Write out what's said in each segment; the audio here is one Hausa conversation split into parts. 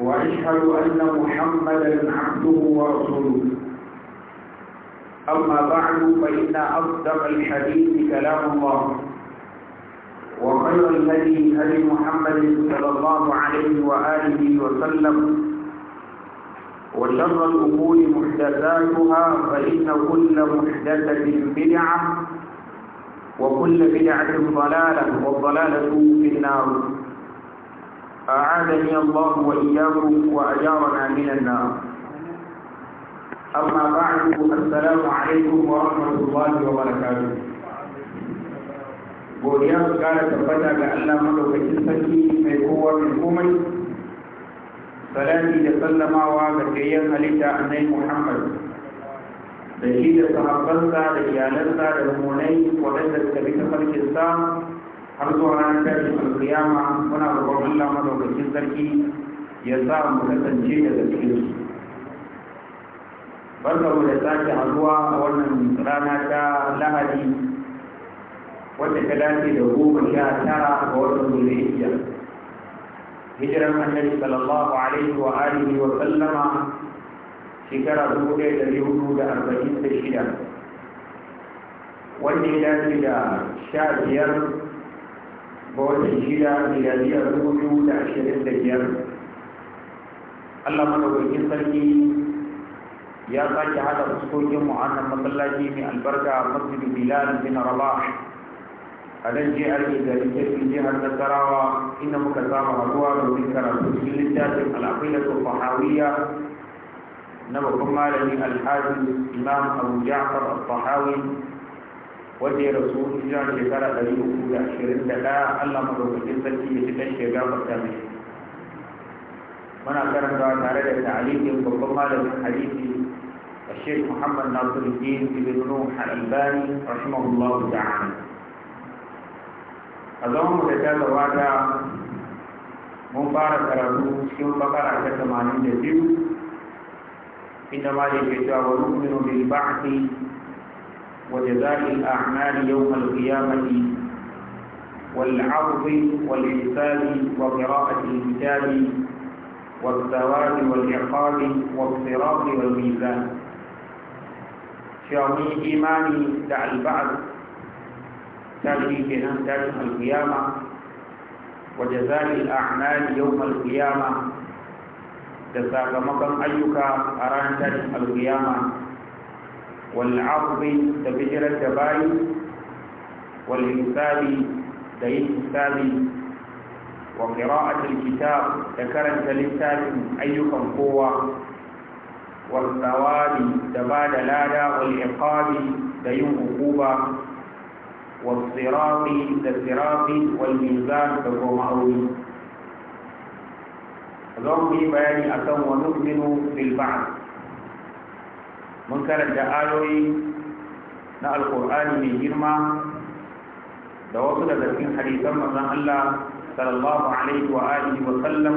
وأشهد أن محمدا عبده ورسوله أما بعد فإن أصدق الحديث كلام الله وخير الذي هدي محمد صلى الله عليه وآله وسلم وشر الأمور محدثاتها فإن كل محدثة بدعة وكل بدعة ضلالة والضلالة في النار أعاذني الله وإياكم وأجارنا من النار أما بعد السلام عليكم ورحمة الله وبركاته godiya su kare tabbata ga Allah madaukakin sarki mai kowa mai komai salati da sallamawa ga kayyar halitta annai Muhammad da shi da sahabbansa da iyalansa da rumunai waɗanda suka bi sa. har zuwa ranar tashin alkiyama muna roƙon Allah madaukakin sarki ya sa mu kasance da cikin su barkamu da sake haɗuwa a wannan rana ta lahadi wacce ta dace da goma sha tara ga watan zulhijja hijiran annabi sallallahu alaihi wa alihi wa sallama shekara dubu ɗaya da hudu da arba'in da shida wanda ya dace da sha biyar ga watan shida miladiyar dubu biyu da ashirin da biyar allah madaukakin sarki ya sake hada fuskokin mu annan masallaci mai albarka masjid bilal bin rabah a nan jihar garin jirgin jihar nasarawa inda muka samu haduwa domin karatu cikin littafin al'aqidatu fahawiyya na babban malami alhaji imam abu ja'far al-fahawi wanda ya rasu hijiran shekara ɗari uku da ashirin da ɗaya allah madaukakin sarki ya ci ɗan shiga fata mai muna karantawa tare da ta'alifin babban malamin hadisi الشيخ محمد ناصر الدين بن ta gabata mun fara karatu أظن متجاز الواقع tamanin da شيخ inda كثمانين جديد إنما يجب umminu نؤمن بالبعث وجزاء الأعمال يوم القيامة والعرض والحساب وقراءة الكتاب والثواب والعقاب والصراط والميزان شامي إيماني دع البعث تاتي كنان تاتي القيامة وجزاء الأعمال يوم القيامة جزاك مكان أيك أرانتك القيامة والعرض da bijirar da bayi والحساب da yin hisabi وقراءة الكتاب da karanta littafin ayyukan kowa والثواب da ba da lada والعقاب da yin hukuba والصراط da sirafi والميزان da gomahuri zan yi bayani akan wa nufinu bil ba'd mun karanta ayoyi na alkur'ani mai girma da wasu daga cikin hadisan manzon Allah sallallahu alaihi wa alihi wa sallam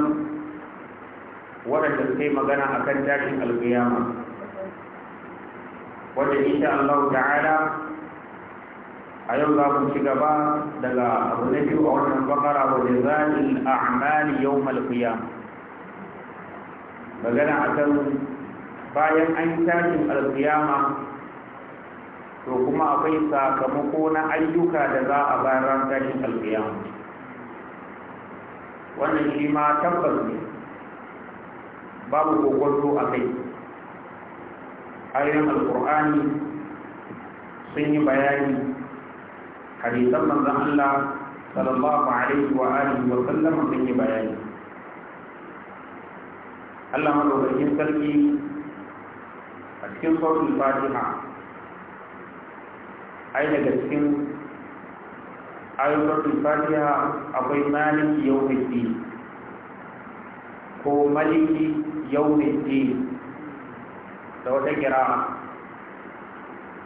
waɗanda suke magana akan tashin alƙiyama wanda insha Allah ta'ala a yau za mu ci gaba daga abu na biyu a wannan bakara wa jazalil a'mali yawmal qiyamah magana akan bayan an tashin alkiyama to kuma akwai sakamako na ayyuka da za a bayar ran tashin alkiyama wannan shi ma tabbas ne babu kokonto a kai ayoyin alkur'ani sun yi bayani hadisan manzon Allah sallallahu alaihi wa alihi wa sallam sun yi bayani Allah madaukakin sarki a cikin sautin fatiha ai daga cikin ayyukan fatiha akwai maliki yau ko maliki yau da wata kira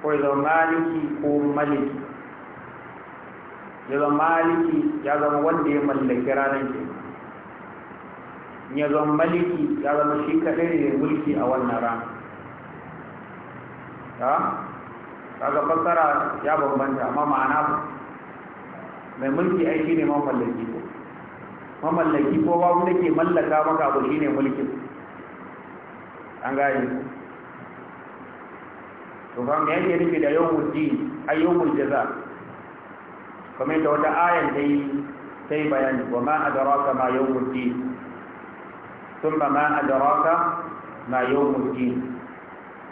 ko yi zama maliki ko maliki ya zama maliki ya zama wanda ya mallaki ranar ke ya zama maliki ya zama shi kaɗai ne mulki a wannan rana ha kaga fassara ya bambanta amma ma'ana mai mulki aiki ne mamallaki ko mamallaki ko babu da ke mallaka maka abu ne mulkin an gaji. to ba mai yake nufi da yawon wuji ay wuji za kuma yadda wata ayan dai sai bayani wa ma daraka ma wuji sun ba ma daraka ma yawon wuji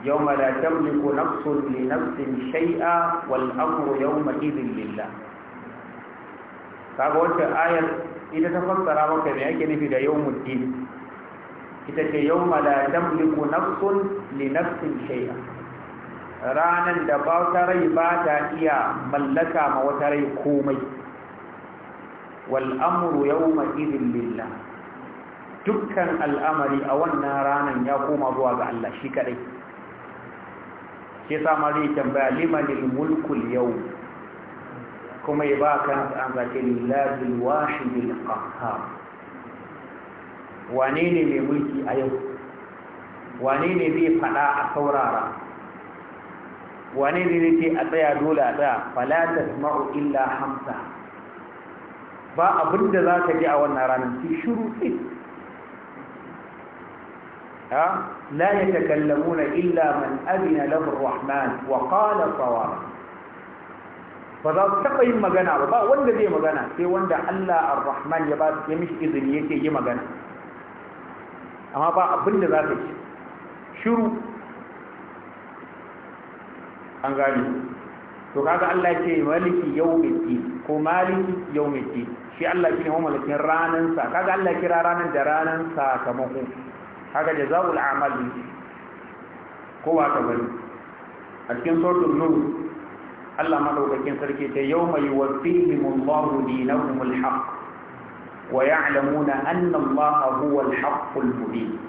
Yau يوم لا تملك shai'a, wal amru والأمر idin لله kaga wacce ayar ita ta fassara maka me yake nufi da yawmul din ita ce yawma la tamliku nafsun li nafsin shay'a ranan da ba ta rai ba ta iya mallaka ma wata rai komai wal amru yawma idin lillah dukkan al'amari a wannan ranar ya koma zuwa ga Allah shi kadai ke sama zai tambaya limanil mulkul yau kuma ya ba kan an zace lillahi wahidil qahhar wane ne mai mulki a yau wane ne zai fada a saurara wane ne zai ce a tsaya dole a tsaya fala tasma'u illa hamsa ba abinda za ka ji a wannan ranar sai shiru لا يتكلمون إلا من أذن له الرحمن وقال ba فذا تقي مغنى بابا وند دي مغنى سي وند الله الرحمن يبا يمش إذن يكي يي مغنى أما با أبن ذاتك شروع an gani to kaga Allah ya ce maliki yawmiddin ko maliki yawmiddin shi Allah shine mamalakin ranan sa kaga Allah kira ranan da ranan sakamako haka jaza'ul amali kowa ta bari a cikin sautin nur Allah maɗaukakin sarki ta yawma yuwaffihim Allahu dinahum al-haq wa ya'lamuna anna Allah huwa al-haq al-mubin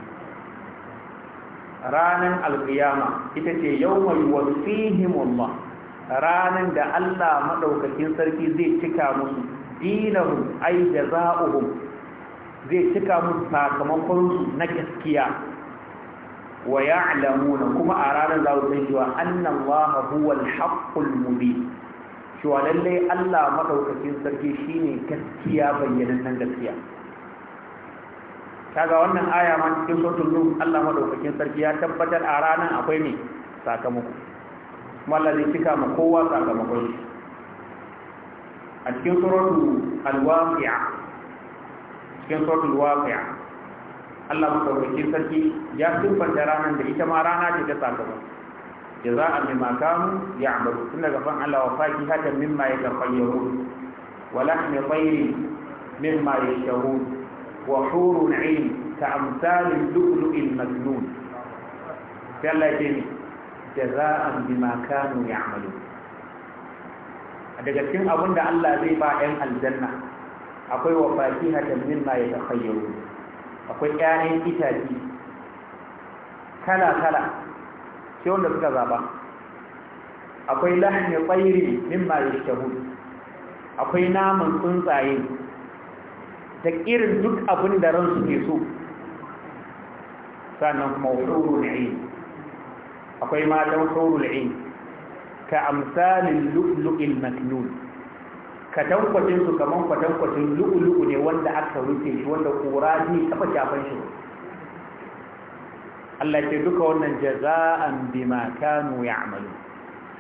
ranan al-qiyama ita ce yawma yuwaffihim Allah ranan da Allah maɗaukakin sarki zai cika musu dinahum ay jaza'uhum zai cika musu sakamakon na gaskiya wa ya'lamuna kuma a ranar za sai san cewa annallaha huwal haqqul mubin cewa lalle Allah madaukakin sarki shine gaskiya nan gaskiya kaga wannan aya ma cikin suratul nur Allah madaukakin sarki ya tabbatar a ranar akwai ne sakamako malla zai cika ma kowa sakamakon shi a cikin suratul al-waqi'a cikin sautul waqi'a Allah ba kawai ke sarki ya tuba da ranar da ita ma rana ce ta sakamo jaza'a bi ma kanu ya'malu tun daga fan Allah wa faqi hatta mimma yakhayyarun wa lahmi tayri mimma yashahun wa hurun 'ain ka'amsal al-lu'lu'i al-majnun sai Allah ya ce jaza'a bi ma kanu ya'malu daga cikin abin da Allah zai ba 'yan aljanna akwai wa fakihatan mimma yatakhayyaru akwai ƴaƴan itaci kala kala sai wanda suka zaba akwai lahmi tsairi mimma shahu akwai naman tsuntsaye da irin duk abin da ransu ke so sannan kuma hurul ne. akwai matan hurul ne. ka amsalin lu'lu'il maknun kwatankwacin su kaman kwatankwacin lu'ulu'u ne wanda aka rufe shi wanda kura ne kafa shafan shi Allah ke duka wannan jaza'an bima kanu ya'malu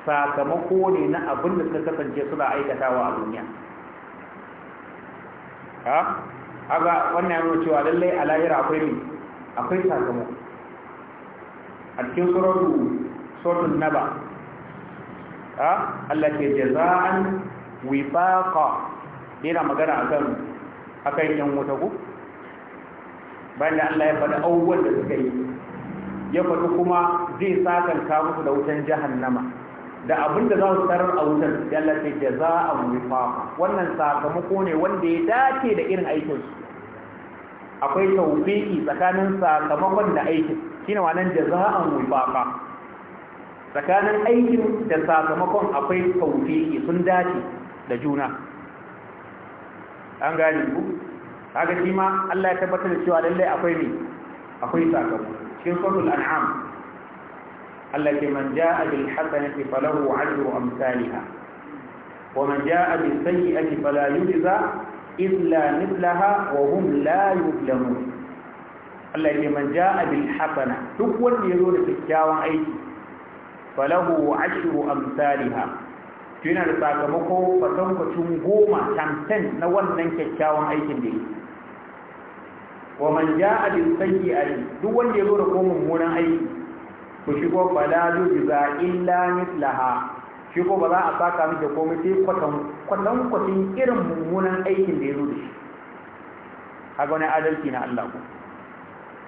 sakamako ne na abin da suka kasance suna aikatawa a duniya ha aga wannan yana cewa lalle a lahira akwai ne akwai sakamako a cikin suratu suratul naba ha Allah ke jaza'an wifaqa yana magana akan akan yan wuta ku bayan da Allah ya faɗi abubuwan da suka yi ya faɗi kuma zai sakanta musu da wutan jahannama da abin da za su tarar a wutan ya lafi a wifaqa wannan sakamako ne wanda ya dace da irin aikinsu akwai tawfiki tsakanin sakamakon da aikin ne wannan a wifaqa tsakanin aikin da sakamakon akwai tawfiki sun dace da juna an gane ku kaga shi ma Allah ya tabbatar da cewa lallai akwai ni. akwai sakamako cikin suratul an'am Allah ke man ja'a bil hasanati falahu ajru amsalha wa man ja'a bis sayyi'ati fala yujza illa mithlaha wa hum la yuzlamun Allah ke man ja'a bil hasana duk wanda yazo da kyakkyawan aiki falahu ashru amsalha to yana da sakamako kwatankwacin goma tamten na wannan kyakkyawan aikin da yi wa man ja'a a yi duk wanda ya zo da ko mummunan aiki Ku shi ko fala yujza illa mithlaha shi ko ba za a saka miki komai sai kwatan kwatankwacin irin mummunan aikin da ya zo da shi a wani adalci na Allah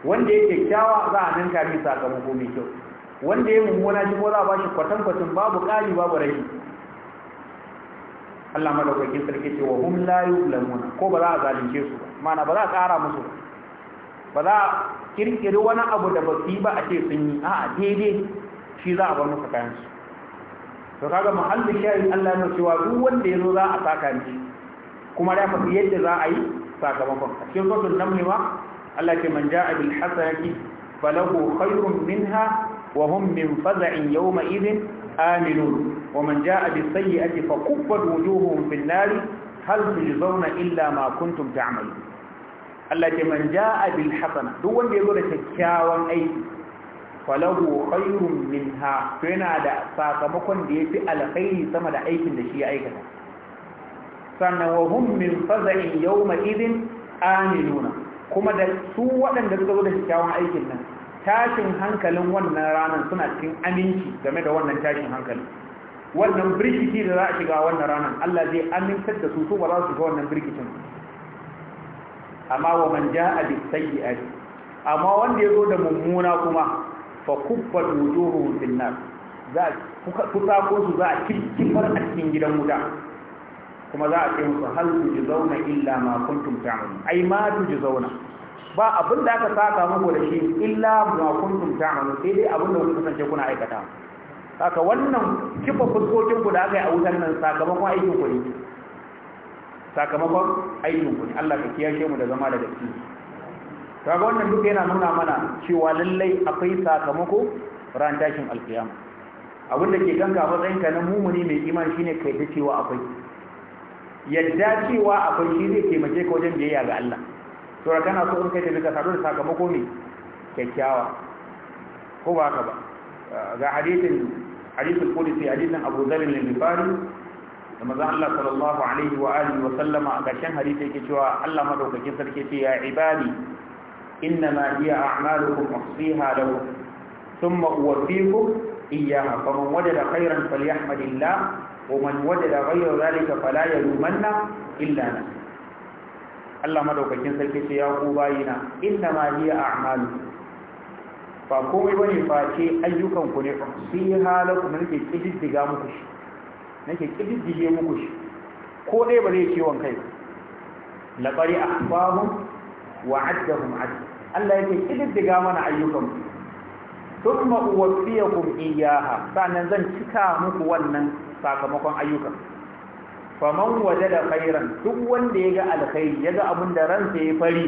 ku wanda ya kyakkyawa za a ninka mai sakamako mai kyau wanda ya mummuna shi ko za a ba bashi kwatankwacin babu ƙari babu rashi Allah madaukakin sarki ce wa hum la yuzlamuna ko ba za a zalunce su mana ba za a kara musu ba za a kirkiri wani abu da ba su yi ba a ce sun yi a daidai shi za a bar musu kayan su to kaga muhallin sharin Allah ya cewa duk wanda yazo za a saka ni kuma da fasu yadda za a yi sakamakon a cikin suratul ne ma Allah ce man ja'a bil hasanati falahu khayrun minha wa hum min faza'in yawma idhin aminun ومن جاء بالسيئة فكبت وجوههم في النار هل تجزون إلا ما كنتم تعملون التي من جاء بالحسنة دو وان يقول تكاوان أي فله خير منها فينا دا ساقمكم دي في الخير سمد أيك دشي أيك sannan wa hum min faza'in yawma idin aminuna kuma da su waɗanda suka zo da kyakkyawan aikin nan tashin hankalin wannan ranar suna cikin aminci game da wannan tashin hankalin wannan birkiti da za a shiga wannan ranar Allah zai amintar da su su ba za su ga wannan birkicin amma wa man ja'a bi sayyi'ati amma wanda yazo da mummuna kuma fa kubba wujuhu fil nar za kuka ko su za a kikkifar a cikin gidan wuta kuma za a ce musu hal zauna illa ma kuntum ta'malun ai ma zauna. ba abin da aka saka muku da shi illa ma kuntum ta'malun sai dai abin da kuka kasance kuna aikata haka wannan kifa fuskokin ku da aka yi a wutan nan sakamakon aikin ku ne sakamakon aikin ku ne Allah ka kiyashe mu da zama da gaske ga wannan duk yana nuna mana cewa lallai akwai sakamako ran tashin alkiyama abin da ke ganga matsayin ka na mumuni mai iman shine kai ta cewa akwai yadda cewa akwai shi zai taimake ka wajen biyayya ga Allah ra kana so in kai tafi ka sadu da sakamako ne kyakkyawa ko ba haka ba ga hadisin hadisul qudsi hadisin Abu Dharr al-Ghifari da manzo Allah sallallahu alaihi wa alihi wa sallama a ƙarshen hadisi yake cewa Allah madaukakin sarki ce ya ibadi innama hiya a'malukum uhsiha lakum thumma uwaffikum iyyaha faman wajada khairan falyahmadillah wa man wajada ghayra dhalika fala yalumanna illa nafsuhu Allah madaukakin sarki ce ya ku bayina innama hiya a'malukum ba komai bane face ayyukan ku ne fi halaku nake kididdiga muku shi nake kididdige muku shi ko dai ba zai ciwon kai laqari ahbahum wa addahum ad Allah yake kididdiga mana ayyukan ku thumma uwaffiyakum iyyaha sanan zan cika muku wannan sakamakon ayyukan faman wajada khairan duk wanda yaga alkhairi yaga da ransa ya fari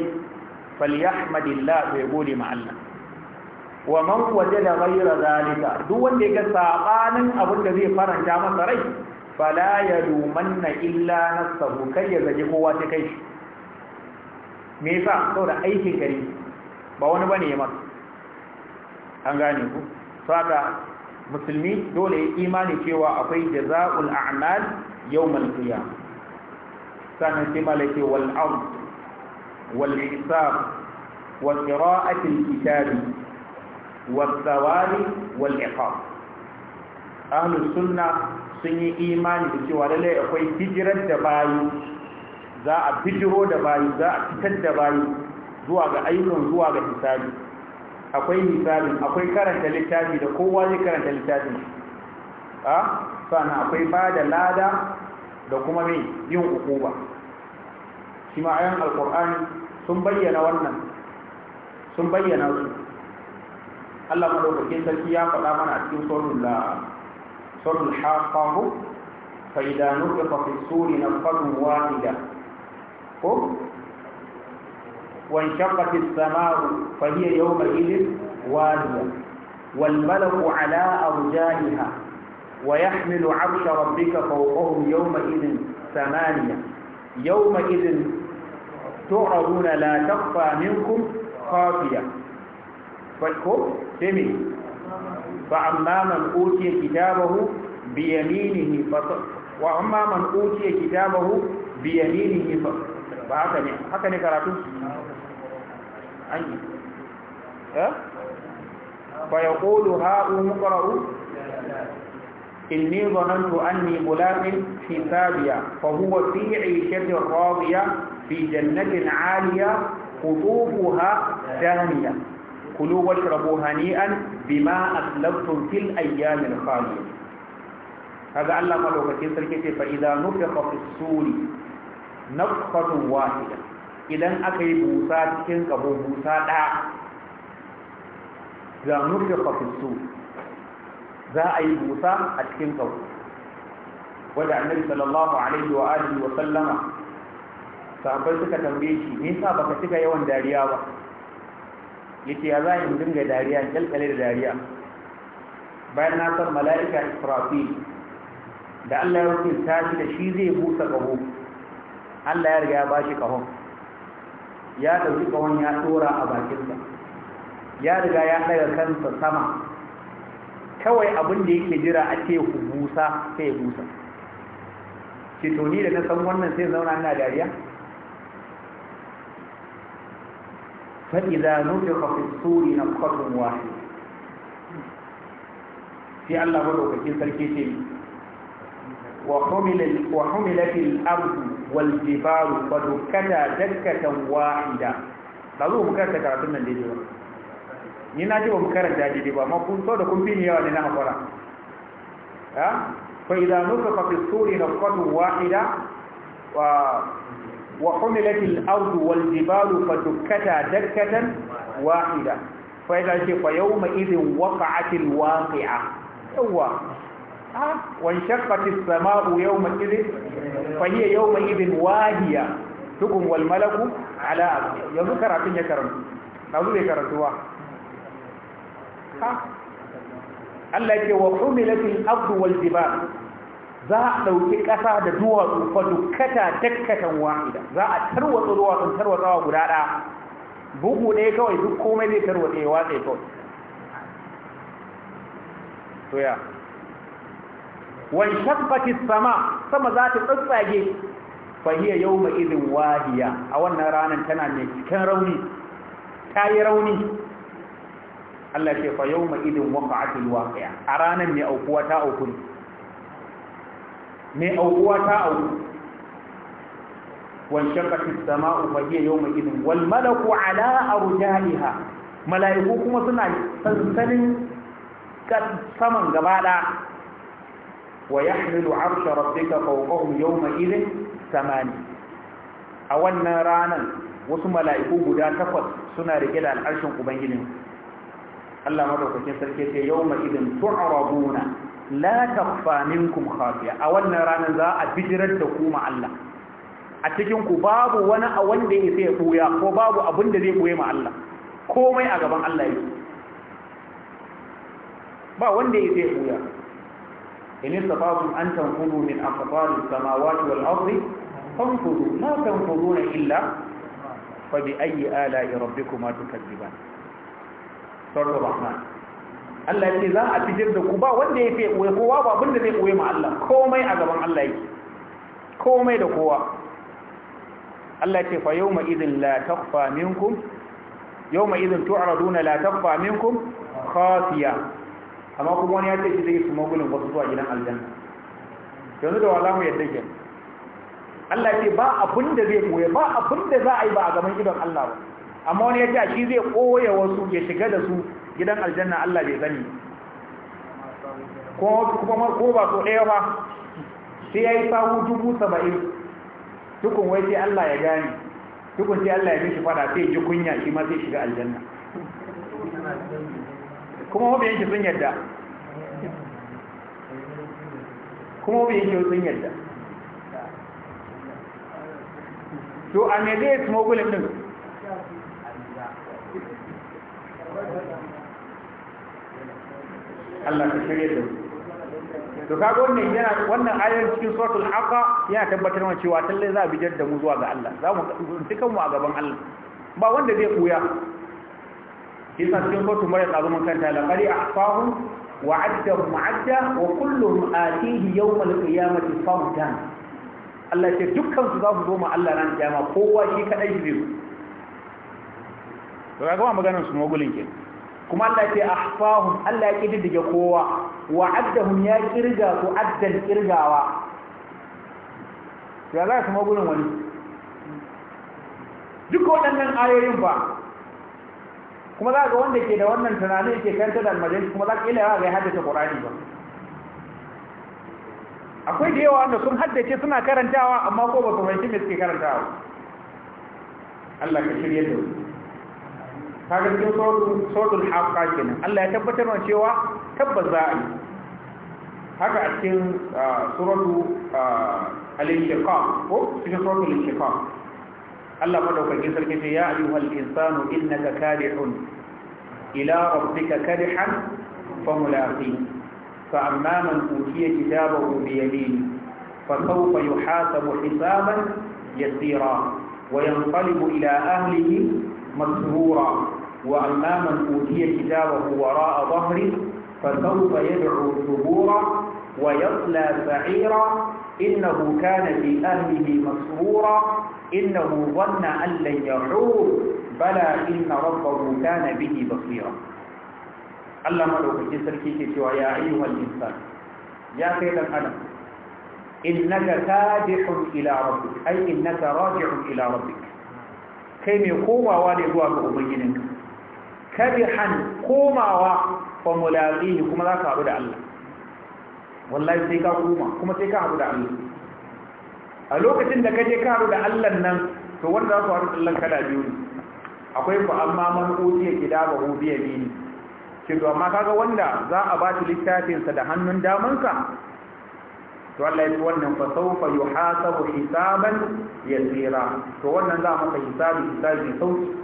falyahmadillah ya gode ma Allah wa man wajada ghayra zalika duk wanda ya ga sabanin abin da zai faranta masa rai fala yalumanna illa nafsahu kai ya zaje kowa sai kai shi me yasa saboda aikin gari ba wani bane ya masa an gane ku saboda musulmi dole ya imani cewa akwai jaza'ul a'mal yawmal qiyamah sannan sai malaki wal ard wal hisab wa qira'atil kitabi والثواب والعقاب أهل السنة sun yi imani da cewa lallai akwai hijirar da bayu za a hijiro da bayu za a fitar da bayu zuwa ga ayyukan zuwa ga hisabi akwai hisabi akwai karanta littafi da kowa zai karanta littafin a akwai ba lada da kuma mai yin hukuma shi ma'ayan alkur'ani sun bayyana wannan sun bayyana Allah madaukakin sarki ya faɗa mana a cikin sorul la sorul haqqahu fa idza nufiqa fi suri nafqatun wahida ko wa inshaqqat as-sama'u fa hiya yawma idhin wadiya wal malaku ala arjahiha wa yahmilu 'arsha rabbika fawqahum yawma idhin ثمانية يومئذ تعرضون لا تخفى منكم خافية فالكو سمي فأما من أوتي كتابه بيمينه فص... وأما من أوتي كتابه بيمينه فأتني أتني كراتو أني أه؟ فيقول هاء مقرأ إني ظننت أني ملاق حسابيا فهو في عيشة راضية في جنة عالية قطوفها دانية kulu washrabu hani'an bima aslaftum fil ayyamin khaliya kaga Allah malaukakin sarki ce fa idza nufiqa fis suri nafqatun wahida idan aka yi busa cikin kabo busa ɗaya za nufiqa fis suri za a yi busa a cikin kabo wanda annabi sallallahu alaihi wa alihi wa sallama sahabbai suka tambaye shi me yasa baka shiga yawan dariya ba ya za a yi in dinga dariya in kyalkyale da dariya bayan na san mala'ika israfil da allah ya rufe tashi da shi zai busa kaho allah ya riga ya bashi kahon ya ɗauki kahon ya tsora a bakinsa ya riga ya ɗaga kansa sama kawai abin da yake jira a ce ku busa sai ya busa ce toni da na san wannan sai zauna ina dariya فإذا نفخ في الصور نفخة واحدة في الله في تركيتين وحمل وحملت الأرض والجبال فدكتا دكة واحدة لازم مكرتا تكراتنا دي ni na ji ba mu karanta daidai ba ma kun so da kun fi ni yawa ne na وحملت الأرض والجبال فدكتا دكة واحدة فإذا شيء فيومئذ وقعت الواقعة هو أه؟ وانشقت السماء يومئذ فهي يومئذ واهية تقم والملك على أرض يذكر عبد يكرم نقول يكرم Allah ce wa humilatil ardu wal jibal za a ɗauki ƙasa da duwatsu fa dukkata dakkatan wahida za a tarwatsa duwatsun tarwatsawa guda ɗaya bugu ɗaya kawai duk komai zai tarwatsa ya watsa ya kawai to ya wani shabbatis sama sama za ta tsatsage fahiyar yau mai izin wahiya a wannan ranar tana mai cikin rauni ta yi rauni Allah ce fa yau wanka idin waƙa'atul waƙiya a ranar mai aukuwa ta aukuri mai aukuwa ta auku wanshaqatis sama'u fa hiya yawma idin wal malaku ala arja'iha mala'iku kuma suna sansanin saman gaba da wa yahmilu 'arsha rabbika fawqahum yawma idin samani a wannan ranar, wasu mala'iku guda takwas suna rike da al'arshin ubangijin Allah madaukakin sarki ce yawma idin tu'rabuna la takfa minkum khafiya a wannan ranar za a bijirar da ku ma Allah a cikin ku babu wani a wanda ya sai ya ko babu abin da zai koye ma Allah komai a gaban Allah yake ba wanda ya sai buya in istata'tum an tanfudu min aqtari samawati wal ardi fanfudu la tanfuduna illa fa bi ayyi ala'i rabbikuma tukazziban sura rahman Allah ya ce za a fitar da ku ba wanda ya fi kowa ba abinda zai koye ma Allah komai a gaban Allah yake komai da kowa Allah ya ce fa yawma idin la takhfa minkum yawma idin tu'raduna la takhfa minkum khafiya amma kuma wani ya ce shi zai su magulin wasu zuwa gidan aljanna yanzu da wala mu yadda ke Allah ya ce ba abinda zai koye ba abinda za a yi ba a gaban idon Allah ba amma wani ya ce shi zai koye wasu ya shiga da su gidan aljanna Allah bai sani kuma ko ba so ɗaya ba sai ya yi sahu dubu saba'in tukun wai sai Allah ya gani tukun sai Allah ya mishi fada sai ji kunya shi ma sai shiga aljanna kuma wabi shi sun yadda kuma wabi shi sun yadda to a ne zai smogulim din Allah ka shirye da mu to kaga wannan yana wannan ayar cikin suratul haqa yana tabbatar mana cewa talle za a bijar da mu zuwa ga Allah za mu tukan mu a gaban Allah ba wanda zai kuya kisa cikin suratul maryam azu mun kanta la qari ahfahu wa adda mu'adda wa kulluhum atihi yawmal qiyamati fawdan Allah ce dukkan su za su zo ma Allah ran kiyama kowa shi kadai zai zo to kaga ba maganar su mogulin kenan kuma Allah ce ahfahum Allah ya kididdige kowa wa addahum ya kirga su addan kirgawa ya za su magunan wani duk waɗannan ayoyin ba kuma za ga wanda ke da wannan tunanin ke kanta da almajalisi kuma za ka ila ga ya haddace ƙorani ba akwai da yawa wanda sun haddace suna karantawa amma ko ba su fahimci me suke karantawa Allah ka shirye da su kaga cikin suratul haqqa kenan Allah ya tabbatar wa cewa tabbas za a yi haka a cikin suratu al-inshiqaq ko cikin suratul inshiqaq Allah madaukakin sarki ce ya ayyuhal insanu innaka kadihun ila rabbika kadihan fa mulaqi fa amma man utiya kitabahu bi yamini fa sawfa yuhasabu hisaban yasira وينقلب إلى أهله مسرورا وأما من أوتي كتابه وراء ظهره فسوف يدعو ثبورا ويصلى سعيرا إنه كان في أهله مسرورا إنه ظن أن لن يحور بلى إن ربه كان به بصيرا الله في جسر كيكي يا أيها الإنسان يا سيد الألم إنك تادح إلى ربك أي إنك راجع إلى ربك كيف يقوم والدوا أبينك karihan komawa fa mulaqihi kuma za ka hadu da Allah wallahi sai ka koma kuma sai ka hadu da Allah a lokacin da ka je ka hadu da Allah nan to wanda za ku hadu da Allah kada biyu ne akwai ku amma man utiya kitabahu bi ne. ce to amma kaga wanda za a ba shi littafin sa da hannun ka? to Allah ya wannan fa sawfa yuhasabu hisaban yasira to wannan za mu kai hisabi hisabi sauki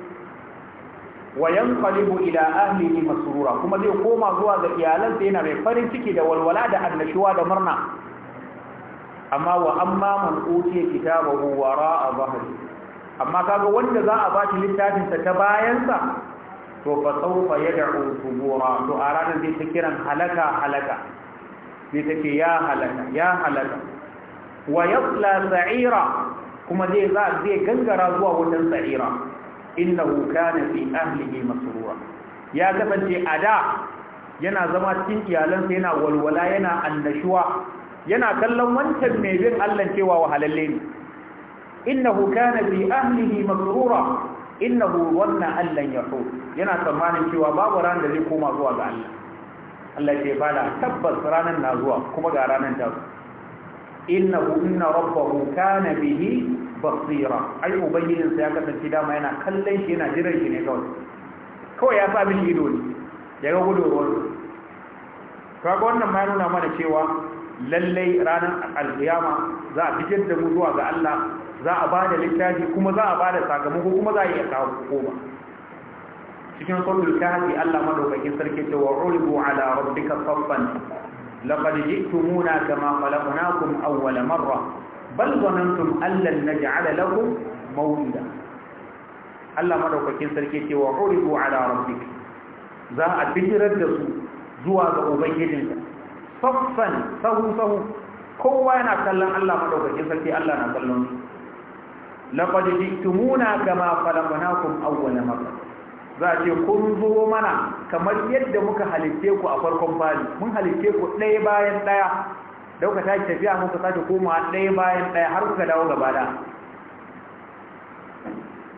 Wayan yanqalibu ila ahlihi masurura, kuma zai koma zuwa ga iyalansa yana mai farin ciki da walwala da annashuwa da murna amma wa amma man utiya kitabahu a dhahri amma kaga wanda za a bashi littafin sa ta bayan sa to fa sawfa yad'u subura to a ranar zai ta kiran halaka halaka zai ta ce ya halaka ya halaka wa yasla sa'ira kuma zai za zai gangara zuwa wajen sa'ira innahu kana fi ahlihi masrura ya kasance a da yana zama cikin iyalansa yana walwala yana annashuwa yana kallon wancan mai bin Allah cewa wahalalle ne innahu kana fi ahlihi masrura innahu wanna allan yahu yana tsammanin cewa babu ran da zai koma zuwa ga Allah Allah ya bada tabbas ranan na zuwa kuma ga ranan ta innahu inna rabbahu kana bihi basira ai ubangijin sa ya kasance dama yana kallon shi yana jiran shi ne kawai kawai ya sa mishi ido ne ya ga gudun ruwan kaga wannan ma nuna mana cewa lallai ranar alkiyama za a fitar da mu zuwa ga Allah za a ba da littafi kuma za a ba da sakamako kuma za a iya kawo hukuma cikin suratul kahfi Allah madaukakin sarki ce wa ulibu ala rabbika saffan laqad ji'tumuna kama khalaqnakum awwala marra bal zanantum allan naj'ala lakum mawlida Allah madaukakin sarki ce wa uridu ala rabbik za a bijirar da su zuwa ga ubangijinka saffan sahu sahu kowa yana kallon Allah madaukakin sarki Allah na kallon su laqad jitumuna kama khalaqnakum awwala marra za ce kun zo mana kamar yadda muka halitte ku a farkon fari mun halitte ku ɗaya bayan ɗaya dauka ta tafiya muka sake koma ɗaya bayan ɗaya har kuka dawo gaba da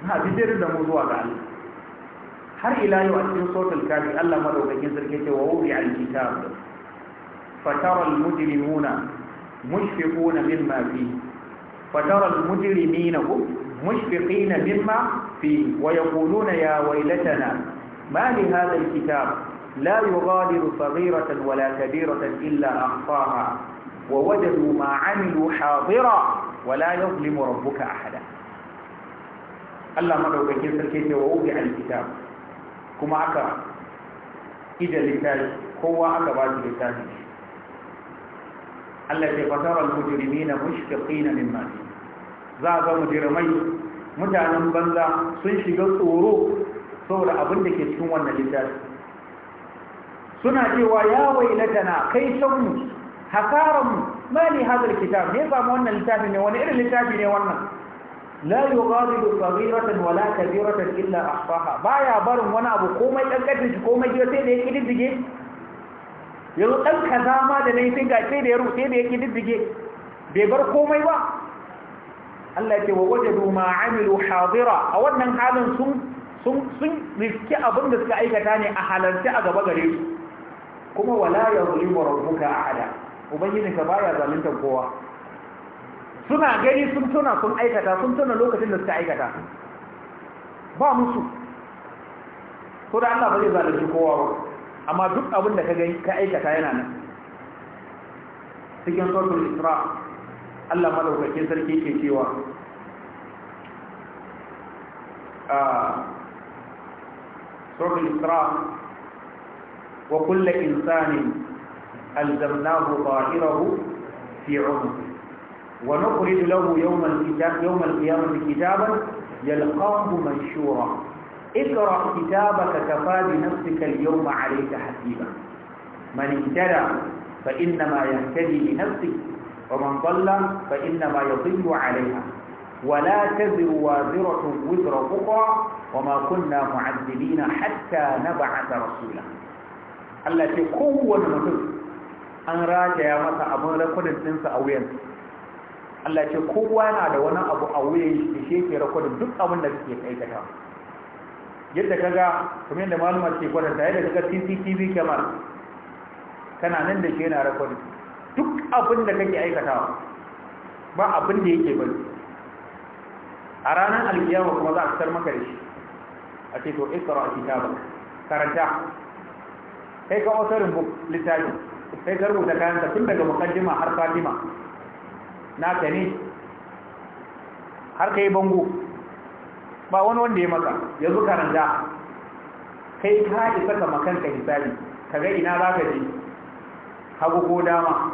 ha fitar da mu zuwa ga Allah har ila yau a cikin sautul kafi Allah madaukakin sarki ce wa wuri al-kitab fatara al-mujrimuna mushfiquna mimma fi fatara al-mujrimina min ma fi wa ya yaquluna ya waylatana ma li hadha al-kitab la yughadiru saghiratan wala kabiratan illa ahsaha wa wajadu ma amilu hadira wala yuzlimu rabbuka ahada Allah madaukakin sarki ce wa ubi alkitab kuma aka ida littafi kowa aka ba shi littafi Allah ce fasara al-mujrimina mushfiqina mimma fi za ga mutanen banza sun shiga tsoro saboda abin da ke cikin wannan littafi suna cewa ya na kai san mu hasaran ma li hadha alkitab ne ba mu wannan littafi ne wani irin littafi ne wannan la yughadiru saghiratan wala kabiratan illa ahsaha baya barin wani abu komai dan kadin shi komai gido sai da ya kididdige yanzu dan kaza ma da nayi tinga sai da ya rubuce da ya kididdige bai bar komai ba Allah ya ce wa wajadu ma amilu hadira a wannan halin sun sun sun riski abin da suka aikata ne a halarci a gaba gare su kuma wala yazlimu rabbuka ahada ubangijinka baya zaluntar kowa suna gani sun tuna sun aikata sun tuna lokacin da suka aikata ba musu ko da Allah ba zalunta kowa ba amma duk abin da ka gani ka aikata yana nan cikin sautul isra Allah madaukakin sarki ke cewa ah, sautul isra wa kulle insanin ألزمناه ظاهره في عنقه ونخرج له يوم الكتاب يوم القيامة كتابا يلقاه منشورا اقرأ كتابك كفى بنفسك اليوم عليك حسيبا من اهتدى فإنما يهتدي لنفسه ومن ضل فإنما يضل عليها ولا تزر وازرة وزر أخرى وما كنا معذبين حتى نبعث رسولا التي قوة المتفق an rataya masa abin rekodin ɗinsa a wuyan Allah ce kowa yana da wani abu a wuyan shi da shi ke rekodin duk abin da kake aikata yadda ka ga kuma yadda maluma ke kwatanta yadda ka ga cctv kamar, kana nan da shi yana rekodin duk abin da kake aikata, ba abin da yake bari a ranar alkiyama kuma za a fitar maka da shi a ce to isra a kitaba karanta kai ka authorin littafin sai ka rubuta kayanka tun daga mukaddima har fatima na ne har ka yi bango ba wani wanda ya maka yanzu karanta kai ka isa ka makanka hisabi ka ga ina za ka je hagu ko dama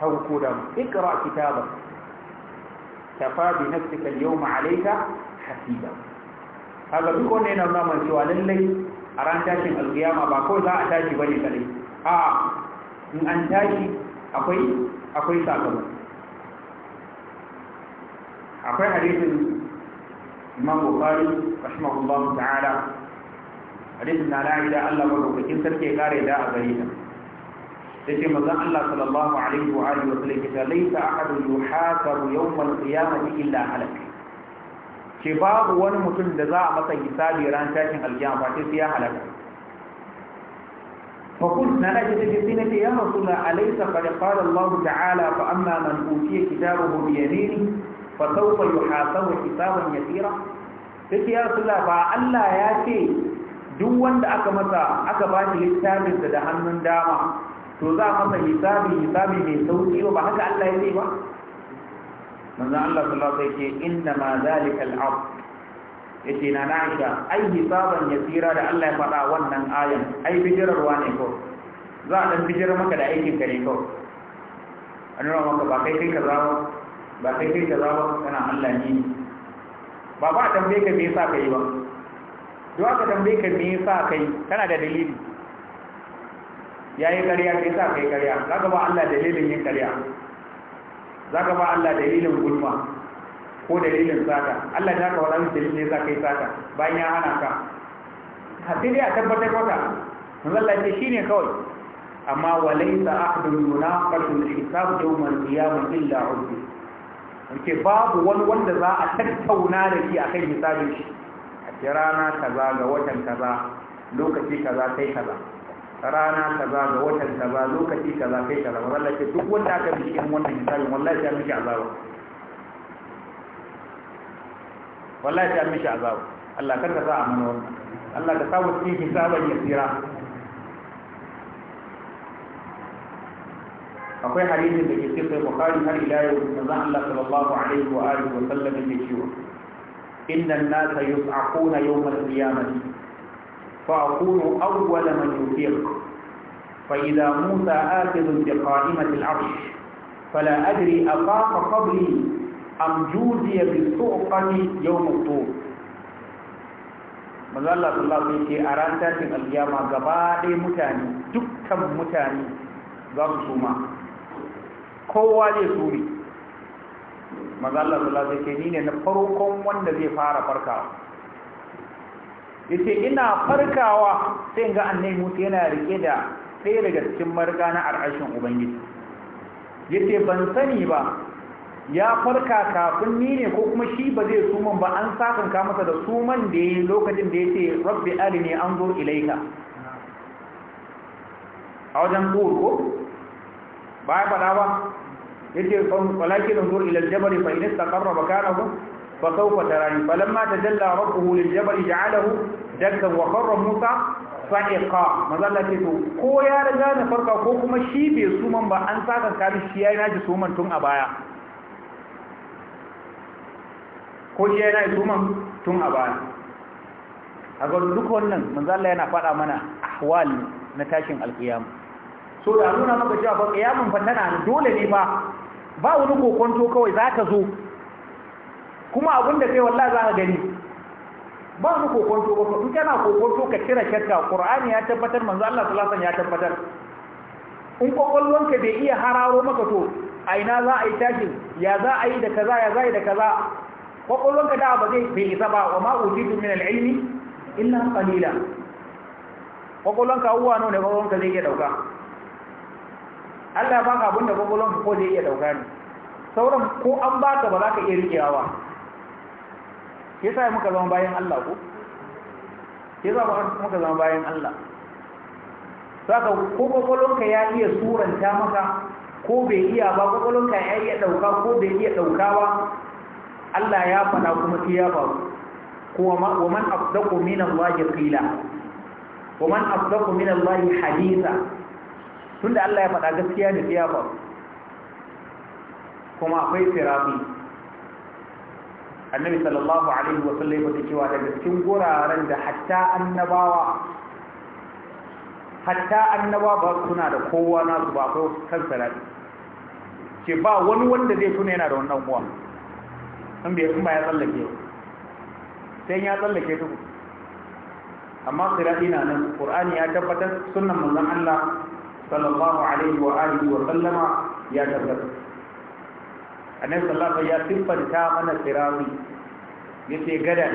hagu ko dama ikra kitaba kafa bi nafsika al-yawma alayka hasiba kaga duk wanda yana nuna cewa lallai a ran tashin alkiyama ba kawai za a tashi bane kadai a in an tashi akwai akwai sakamako akwai hadisin imam bukhari rahimahullahu ta'ala hadisin na la'ida Allah madaukakin sarki ya kare da a gari ta yace manzon Allah sallallahu alaihi wa alihi wa sallam yace laysa ahadun yuhasabu yawm al-qiyamati illa halak ce babu wani mutum da za a masa hisabi ran tashin alkiyama ba sai ya halaka fa kun na nake take sai nake ya rasula alaysa qad qala Allah ta'ala fa amma man utiya kitabahu bi yamini fa sau yuhasabu hisaban yasira sai ya sula ba Allah ya ce duk wanda aka masa aka ba shi littafin da hannun dama to za a masa hisabi hisabi mai sauki ba haka Allah ya ce ba manzo Allah sallallahu alaihi wasallam yake inna ma zalika al-ab yace na Aisha ai hisaban yasira da Allah ya faɗa wannan ayan ai bijirarwa ne ko za a dan bijirar maka da aikin kare ne ko an nuna maka ba kai kai kaza ba ba kai kai kaza ba kana Allah ne ba ba tambaye ka me yasa kai ba duk aka tambaye ka me yasa kai kana da dalili yayi kariya me yasa kai kariya kaga ba Allah dalilin yin kariya za ka ba Allah dalilin gulma ko dalilin sata Allah ta kawo ramin dalilin za ka yi sata bayan ya hana ka hasiri a tabbatar maka Allah ce shi ne kawai amma walaisa ahdun munafaqatul hisab yawmal qiyamah illa ubbi ke babu wani wanda za a tattauna da shi akan hisabin shi a rana kaza ga watan kaza lokaci kaza sai kaza rana kaza ga watan kaza lokaci kaza kai kaza wallahi ce duk wanda aka bi cikin wannan hisabin wallahi ya miki azaba wallahi ya miki azaba Allah kar ka sa a mana wannan Allah ka samu cikin hisaban yasira akwai hadisin da ke cikin Bukhari har ila yau manzon Allah sallallahu alaihi wa alihi wa sallam yake cewa inna an-nasa yus'aquna yawm al-qiyamah فأكون أول من يفيق فإذا موسى آخذ بقائمة العرش فلا أدري أفاق قبلي أم جوزي بالسوق يوم الطوب مزالة الله في كي أرانتا في القيامة قبائل متاني دكتم متاني غرسوما كوالي سوري mazallar da zai ke ni ne na farkon wanda zai fara yace ina farkawa sai ga annabi Musa yana rike da ɗaya daga cikin marga na arashin ubangiji yace ban sani ba ya farka kafin ni ne ko kuma shi ba zai suman ba an sakan ka masa da suman da yayi lokacin da yace rabbi alini anzur ilayka a wajen buwar ko ba ya faɗa ba yace walakin anzur ila aljabal fa in istaqarra makanahu fa sawfa tarani falamma tajalla rabbuhu lil jabal ja'alahu dakkan wa qarra musa fa'iqa maza Allah ce to ko ya riga na farka ko kuma shi bai suman ba an saka kami shi yayi naji suman tun a baya ko shi yayi naji suman tun a baya a ga duk wannan manzo yana faɗa mana ahwal na tashin alqiyam so da nuna maka cewa ba kiyamun dole ne ba ba wani kokonto kawai zaka zo kuma abin da kai wallahi za ka gani ba mu kokonto ba in kana kokonto ka kira shakka qur'ani ya tabbatar manzo Allah sallallahu alaihi wasallam ya tabbatar in kokolwanka bai iya hararo maka to a ina za a yi tashin ya za a yi da kaza ya za a yi da kaza kokolwanka da ba zai bai isa ba wa ma utitu min al-ilmi illa qalila kokolwanka uwa ne kokolwanka zai iya dauka Allah ya baka abin da kokolwanka ko zai iya dauka ne sauran ko an baka ba za ka iya riƙewa ba ke sa muka zama bayan Allah ku ke sa muka zama bayan Allah saka ko kwakwalonka ya iya suranta maka ko bai iya ba kwakwalonka ya iya ɗauka ko bai iya ɗauka ba Allah ya faɗa kuma shi ya faru ko wa man afdaku min Allah qila wa man afdaku min Allah haditha tunda Allah ya faɗa gaskiya da shi ya faru kuma akwai sirafi annabi sallallahu alaihi wa sallam yake cewa daga cikin guraren da hatta annabawa hatta annaba ba suna da kowa na su ba kai kan da ce ba wani wanda zai tuna yana da wannan uwa in bai kuma ya tsallake sai ya tsallake duk amma sirati na nan qur'ani ya tabbatar sunnan manzon Allah sallallahu alaihi wa alihi wa sallama ya tabbatar annabi sallallahu alaihi wasallam ya siffanta mana sirawi yace gada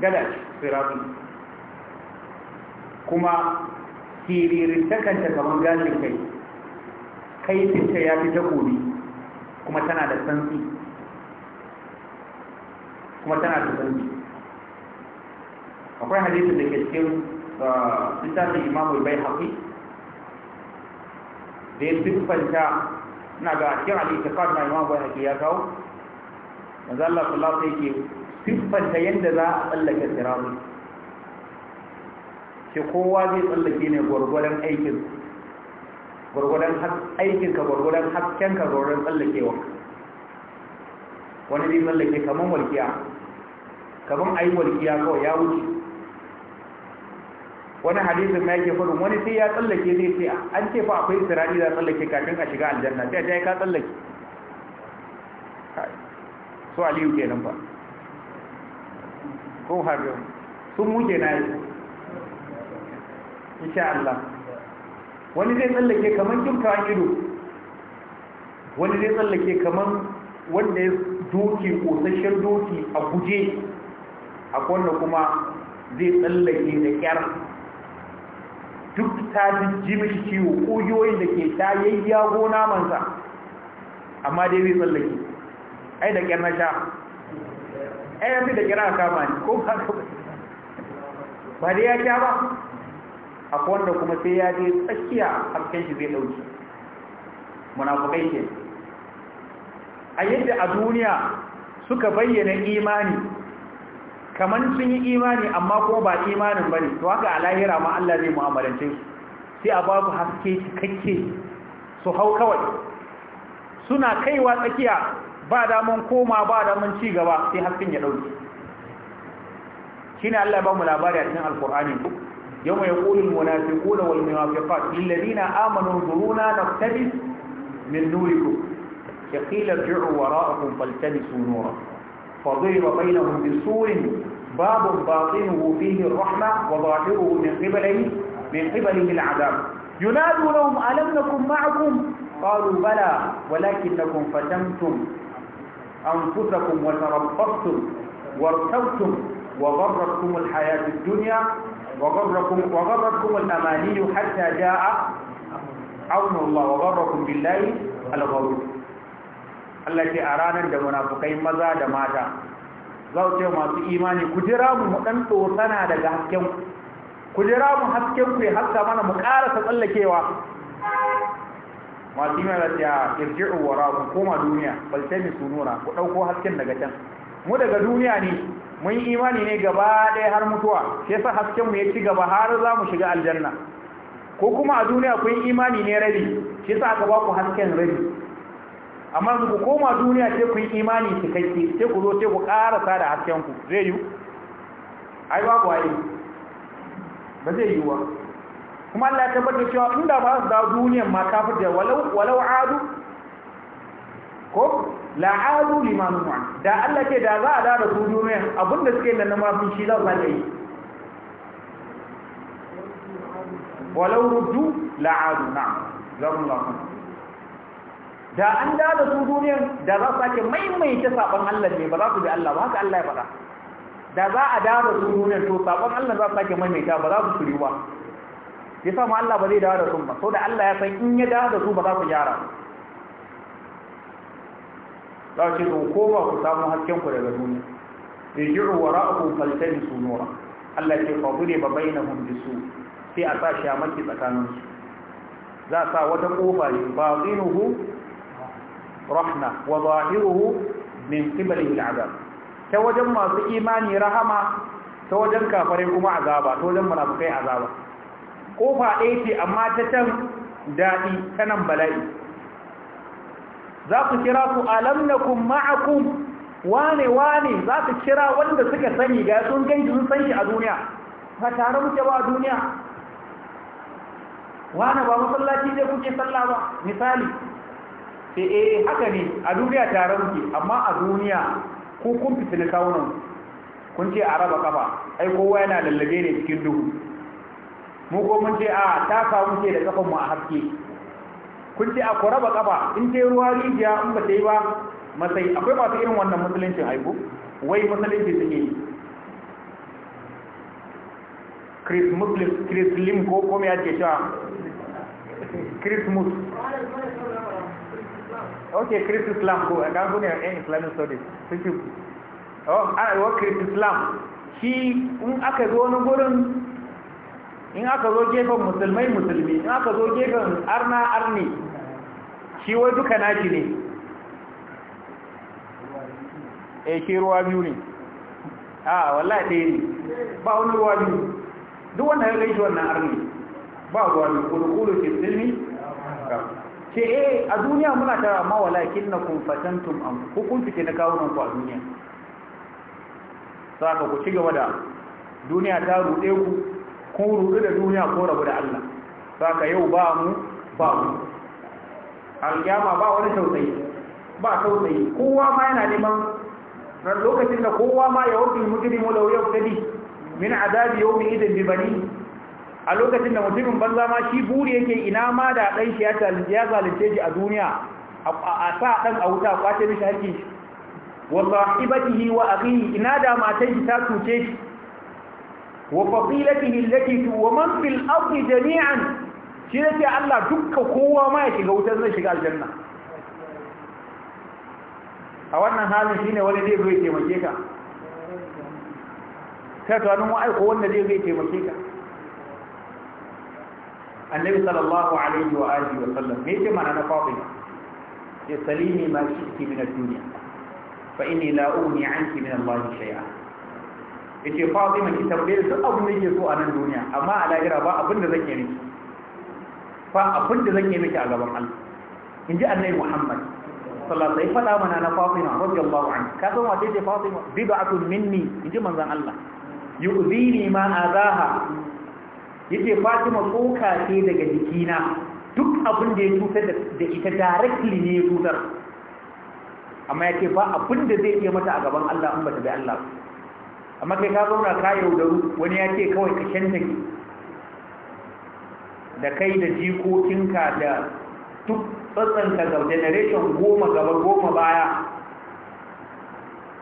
gada sirawi kuma siririn takanta kamar gashin kai kai tinta ya fi takobi kuma tana da santsi kuma tana da santsi akwai hadisi da ke cikin ah, littafin imamu bai haƙi da ya siffanta ina ga cikin al-i'tiqad na Imam Bayhaqi ya kawo manzo Allah sallallahu alaihi ke siffanta yadda za a tsallake sirari shi kowa zai tsallake ne gwargwadon aikin gwargwadon aikin ka gwargwadon hasken ka gwargwadon tsallakewa wani zai tsallake kaman walƙiya, kaman ayi walƙiya kawai ya wuce wani hadisin ma yake faru wani sai ya tsallake zai ce an ce fa akwai sirari da tsallake kafin a shiga aljanna sai dai ka tsallake su aliyu kenan ba ko harbe sun muke na yi insha Allah wani zai tsallake kamar kimka ido wani zai tsallake kamar wanda ya doki kosasshen doki a guje a wanda kuma zai tsallake da kyar duk ta ji mishi ciwo ƙugiyoyin da ke ta gona namansa amma dai bai tsallake ai da ƙyar na sha ai yafi da ƙyar a kama ne ko ba ba dai ya sha ba akwai wanda kuma sai ya je tsakiya hasken shi zai ɗauki munafukai ke a yadda a duniya suka bayyana imani kamar sun yi imani amma ko ba imanin bane to haka alahira ma Allah zai mu'amalance su sai a babu haske cikakke su hau kawai suna kaiwa tsakiya ba daman koma ba daman ci gaba sai hasken ya shi shine Allah ya ba mu labari a cikin alqur'ani yawma yaqulul munafiquna wal munafiqat lil ladina amanu duruna naqtabis min nurikum yaqila irji'u wara'akum faltamisu nuran فضرب بينهم بسور باب باطنه فيه الرحمة وظاهره من قبله من قبله العذاب ينادوا لهم ألم نكن معكم قالوا بلى ولكنكم فتمتم أنفسكم وتربصتم وارتبتم وغرتكم الحياة الدنيا وغركم, وغركم الأماني حتى جاء عون الله وغركم بالله الغرور Allah ce a ranar da munafukai maza da mata za ce masu imani ku jira mu mu dan tsosana daga hasken ku jira mu hasken ku ya haska mana mu karasa tsallakewa masu imani da ya irji'u wa rabu koma duniya baltani sunura ku dauko hasken daga can mu daga duniya ne mun yi imani ne gaba ɗaya har mutuwa sai sa hasken mu ya ci gaba har za mu shiga aljanna ko kuma a duniya kun yi imani ne rabi sai sa aka ba ku hasken rabi amma su ku koma duniya sai ku yi imani su kai sai ku zo sai ku karasa da hasken ku zai yi ai babu ai ba zai yi wa kuma Allah ya tabbata cewa inda ba su dawo duniyan ma kafir da walau walau adu ko la adu liman mu'an da Allah ke da za a da da su duniyan abinda suke nan ma sun shi za su yi walau ruddu la adu na'am zakum Allah da an da da su duniyan da za su sake maimaita sabon Allah ne ba za su bi Allah ba haka Allah ya faɗa da za a da da su duniyan to sabon Allah za su sake maimaita ba za su shiri ba ya sa ma Allah ba zai dawo da su ba so da Allah ya san in ya da da su ba za su gyara za su ce to ko ba ku samu hasken ku daga duniya irji'u wara'akum su nura Allah ce fa bude ba bainahum bisu sai a sa tsakanin tsakaninsu za a sa wata kofa ne ba zinuhu rahma wa zahiruhu min qibalihi al'azab ta wajen masu imani rahama ta wajen kafare kuma azaba ta wajen munafikai azaba kofa ɗaya ce amma ta can daɗi ta nan bala'i za ku kira ku alam na nakum ma'akum wane wane za su kira wanda suka sani ga sun ganji sun san shi a duniya ba tare muke ba a duniya wane ba masallaci zai kuke sallah ba misali sai eh haka ne a duniya tare muke amma a duniya ko kun fitina kawunan kun ce a raba kafa ai kowa yana lallabe ne cikin duhu mu ko mun ce a ta samu ce da kafan mu a haske kun ce a ku raba kafa in ce ruwa rijiya in ba ta yi ba Masai, akwai masu irin wannan musuluncin aiko wai musulunci su yi chris muslim chris lim ko kome ya ce cewa christmas okay Christ Islam ko ga gune yan Islamic studies suke oh ai ah, wa Christ Islam shi in aka zo wani gurin in aka zo gefen musulmai musulmi in aka zo gefen arna arni shi wai duka naji ne eh shi ruwa biyu ne a ah, wallahi ɗaya ne ba wani ruwa biyu duk wanda ya gaishe wannan arni ba ruwa biyu kulukulu ke silmi ce eh a duniya muna tara ma walakin na kun fatantum an hukunci ke na kawunan ku a duniya saka ku ci gaba da duniya ta ruɗe ku kun rude da duniya ko rabu da Allah saka yau ba mu ba mu alƙiyama ba wani tausayi ba tausayi kowa ma yana neman lokacin da kowa ma ya wafi mujrimu law yaqtadi min adabi yawmi idin bi bani a lokacin da mutumin banza ma shi buri yake ina ma da ɗan shi ya zalunce shi a duniya a sa ɗan a wuta kwace mishi hakkin shi wa sahibatihi wa akhihi ina da matan shi ta cuce shi wa fasilatihi allati wa man fil ardi jami'an shi ne sai Allah dukka kowa ma ya shiga wutar zai shiga aljanna a wannan halin shine wani zai zo ya taimake ka sai to wani mu wanda zai zo ya taimake ka annabi sallallahu alaihi wa alihi wa sallam me yake mana na fatima ya salimi ma shiki min ad-dunya fa inni la ugni anki min Allah shay'a yace fatima ki tambaye su abin da yake so a nan duniya amma a lahira ba abin da zan yi miki fa abin da zan yi miki a gaban Allah inji annabi Muhammad sallallahu alaihi wa sallam mana na fatima radiyallahu anha ka san wace ce fatima bid'atun minni inji manzon Allah yu'zini ma azaha ce Fatima tsoka ce daga jikina duk abin da ya tutar da ita directly ne ya cutar amma ce, ba abin da zai iya mata a gaban Allah in bata bi Allah amma kai ka zauna ka yaudaru wani ya ce kawai ka shanta da kai da jikokinka da duk tsatsanta ga generation goma gaba goma baya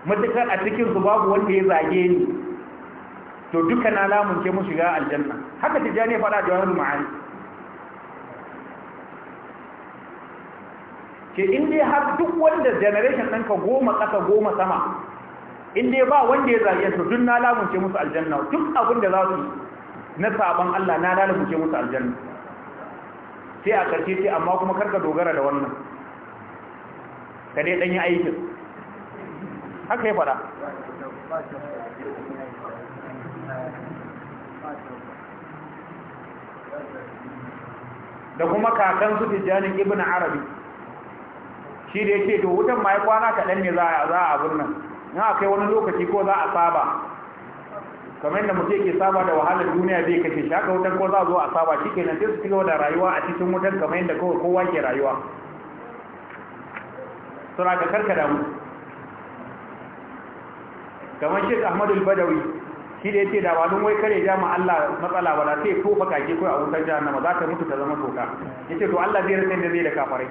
matukar a cikinsu babu wanda ya zage ni to duka na lamun ke mu shiga aljanna haka fara da wani ma'ani ke inda ya har duk wanda generation ɗinka goma ƙasa goma sama inda ya ba wanda ya zage su duk na lamun ke musu aljanna duk abin da za su na sabon Allah na ke musu aljanna sai a ƙarshe sai amma kuma karka dogara da wannan ka dai ɗanyi aikin haka ya fara da kuma kakan su tijjani ibn arabi shi da yake to wutan mai kwana kaɗan ne za a abin nan in a kai wani lokaci ko za a saba kamar yadda mutum yake saba da wahalar duniya bai kashe shi haka wutan ko za a zo a saba shi kenan sai su ci da rayuwa a cikin wutan kamar yadda kawai kowa ke rayuwa suna ka karkada mu kamar shi ahmadu badawi shi da yake da ba don wai kare ja Allah matsala ba da sai ko faka ke ko a wutar jahannama za ta mutu ta zama toka yace to Allah zai rasa da zai da kafarai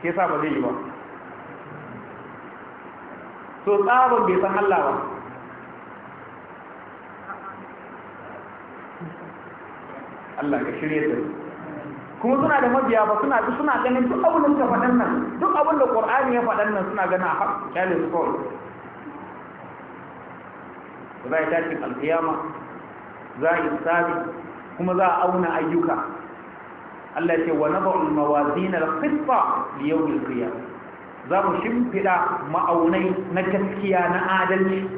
shi yasa ba zai yi ba to tsabon bai san Allah ba Allah ka shirye ta. kuma suna da mabiya ba suna suna ganin duk abin da faɗan nan duk abin da Qur'ani ya faɗan nan suna gana a kyalin kawai za a tashin alkiyama za a yi tsari kuma za a auna ayyuka Allah ce wa naba'ul mawazin al-qisṭa li yawm al-qiyam za mu shimfiɗa ma'aunai na gaskiya na adalci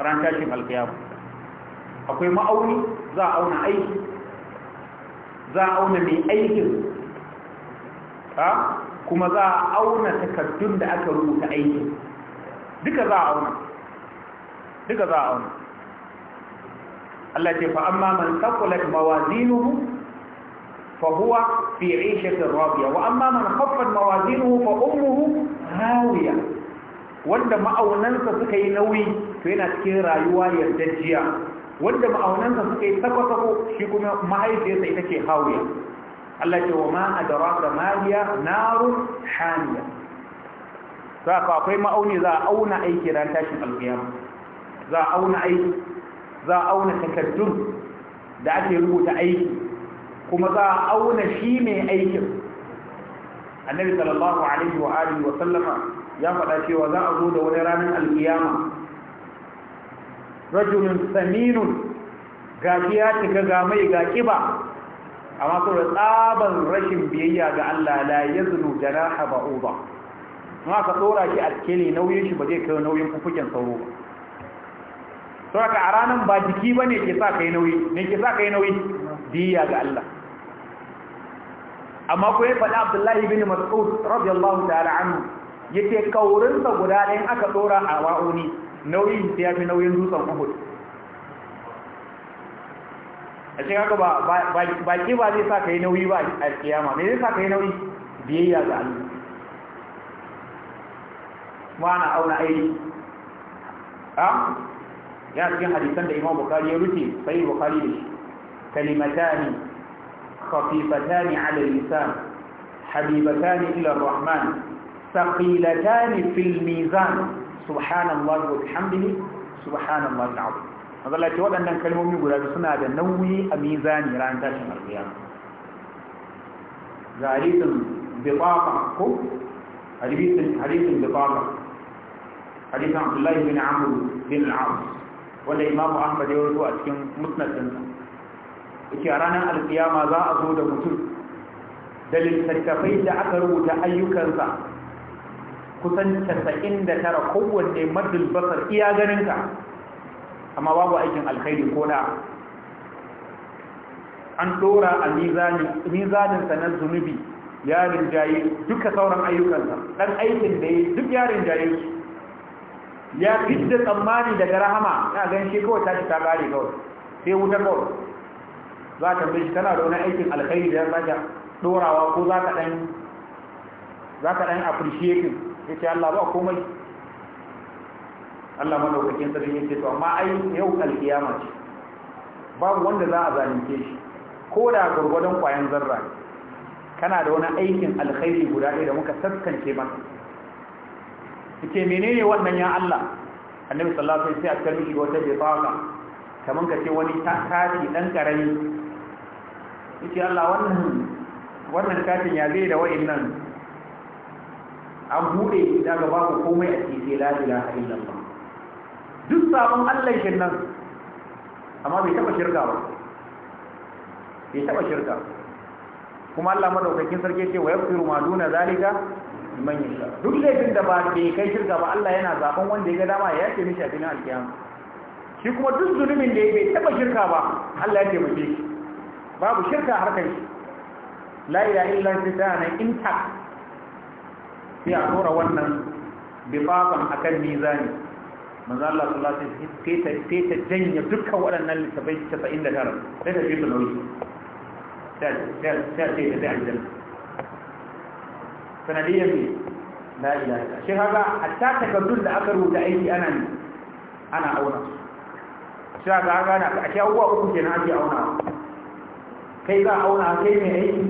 ran tashin alkiyama akwai ma'auni za a auna aiki za a auna mai aikin ha kuma za a auna takardun da aka rubuta aikin duka za a auna duka za a auna Allah ce fa amma man saqulat mawazinuhu fa huwa fi 'ishatin radiya wa amma man khaffat mawazinuhu fa ummuhu hawiya wanda ma'aunansa suka yi nauyi to yana cikin rayuwa ya yardajiya wanda ma'aunansa suka yi sako-sako shi kuma mahaifiyarsa ita ce hawiya Allah ce wa ma adraka maliya naru haniya za ka akwai ma'auni za a auna aiki ran tashin alkiyama za a auna aiki za a auna takardun da ake rubuta aiki kuma za a auna shi mai aikin annabi sallallahu alaihi wa alihi wa sallama ya faɗa cewa za a zo da wani ranar alkiyama rajulun saminun ga ya cika ga mai ga kiba amma kuma tsaban rashin biyayya ga Allah la yazlu janaha ba'uda ma ka tsora shi a cikin nauyin shi ba zai kai nauyin fufukin sauro ba saboda a ranar ba jiki ba ne ke sa kai nauyi ne ke sa kai nauyi diya ga Allah amma ko ya faɗa Abdullahi bin Mas'ud radiyallahu ta'ala anhu ya kaurin kaurinsa guda ɗayan aka dora a wa'uni nauyin sai ya fi nauyin dutsen Uhud a cikin haka ba baki ba zai sa ka yi nauyi ba a kiyama ne zai sa ka yi nauyi biyayya ga Allah ma na auna aiki ha ya cikin hadisan da imam bukari ya rufe sai bukari da shi kalimatani khafifatani ala lisan habibatani ila rahman thaqilatani fil mizan subhanallahi wa bihamdihi subhanallahi alazim Allah ce waɗannan kalmomi guda suna da nauyi a mizani ran tashin alƙiyama ga hadisin bitaqa ko hadisin hadisin bitaqa hadisin Abdullah bin Amr bin al-As wanda imamu ahmad ya wato a cikin musnadinsa yake ranar alkiyama za a zo da mutum da littattafai da aka rubuta ayyukansa kusan 99 kowanne madul basar iya ganinka amma babu aikin alkhairi ko da an dora a mizaninsa na zunubi yarin jaye duka sauran ayyukansa ɗan aikin da ya duk yarin jaye su ya fidda tsammani daga rahama na ganshi shi kawai tashi ta kare kawai sai wutar kawai za ta bai shi tana da wani aikin alkhairi da ya saka dorawa ko za ka dan za ka dan appreciating ya ce Allah ba komai Allah madaukakin sarki ya ce to amma ai yau alkiyama ce babu wanda za a zalunce shi ko da gurgurdan kwayan zarra kana da wani aikin alkhairi guda ɗaya da muka saskance maka suke menene wannan ya Allah annabi sallallahu alaihi wasallam sai aka mishi wata bitaka kaman kace wani kati dan karami yace Allah wannan wannan katin ya zai da wayannan an bude daga babu komai a cikin la ilaha illallah duk sabon Allah kin nan amma bai taba shirka ba bai taba shirka kuma Allah madaukakin sarki ce wa yaghfiru ma duna zalika man yasha duk laifin da ba bai kai shirka ba Allah yana zaben wanda ya ga dama ya ce mishi a cikin alkiyama shi kuma duk zulumin da ya bai taba shirka ba Allah ya taimake shi babu shirka har kai la ilaha illa anta ta'ala intact sai a tura wannan bifafan akan mizani manzo Allah sallallahu alaihi wasallam sai ta janya dukkan waɗannan littafai 99 sai ta jefa nauyi sai sai sai ta aljanna sanadiyar ne la ilaha shi haka hatta takardun da aka rubuta aiki ana ne ana auna shi haka haka na a shi abubuwa uku kenan ake auna kai za a auna kai mai aiki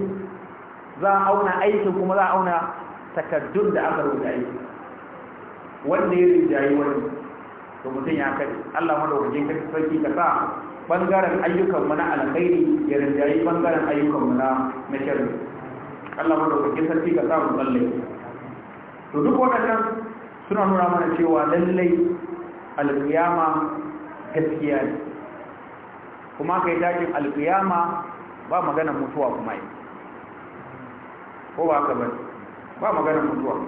za a auna aiki kuma za a auna takardun da aka rubuta aiki wanda ya rinjayi wani to mutum ya kai Allah wajen madaukakin sarki ka sa bangaren ayyukanmu na alkhairi ya rinjayi bangaren ayyukan mu na na sharri Allah mana ku kisa ka sa mu tsalle to duk waɗannan suna nuna mana cewa lallai alƙiyama gaskiya ne kuma kai dakin alƙiyama ba magana mutuwa kuma yi ko ba ka ba ba magana mutuwa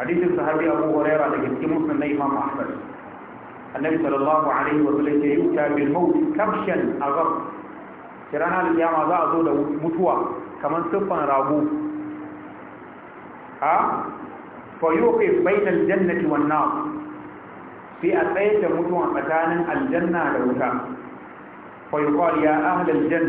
hadisin sahabi abu hurairah da gaske muslim na imam ahmad annabi sallallahu alaihi wa sallam ya ta bil mawt kabshan aghab kirana al za a zo da mutuwa kamar siffan rago a fayoke bainal jannati wan nar sai a tsaye da mutum tsakanin aljanna da wuta fayuqal ya ahlal janna